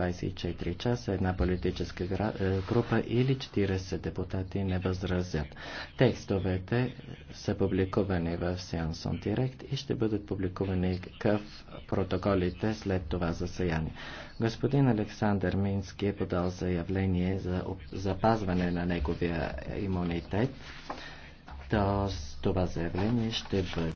24 часа една политическа е, група или 40 депутати не възразят. Текстовете са публикувани в Сеансон Директ и ще бъдат публикувани в протоколите след това засаяние. Господин Александър Мински е подал заявление за запазване на неговия имунитет. То това заявление ще бъде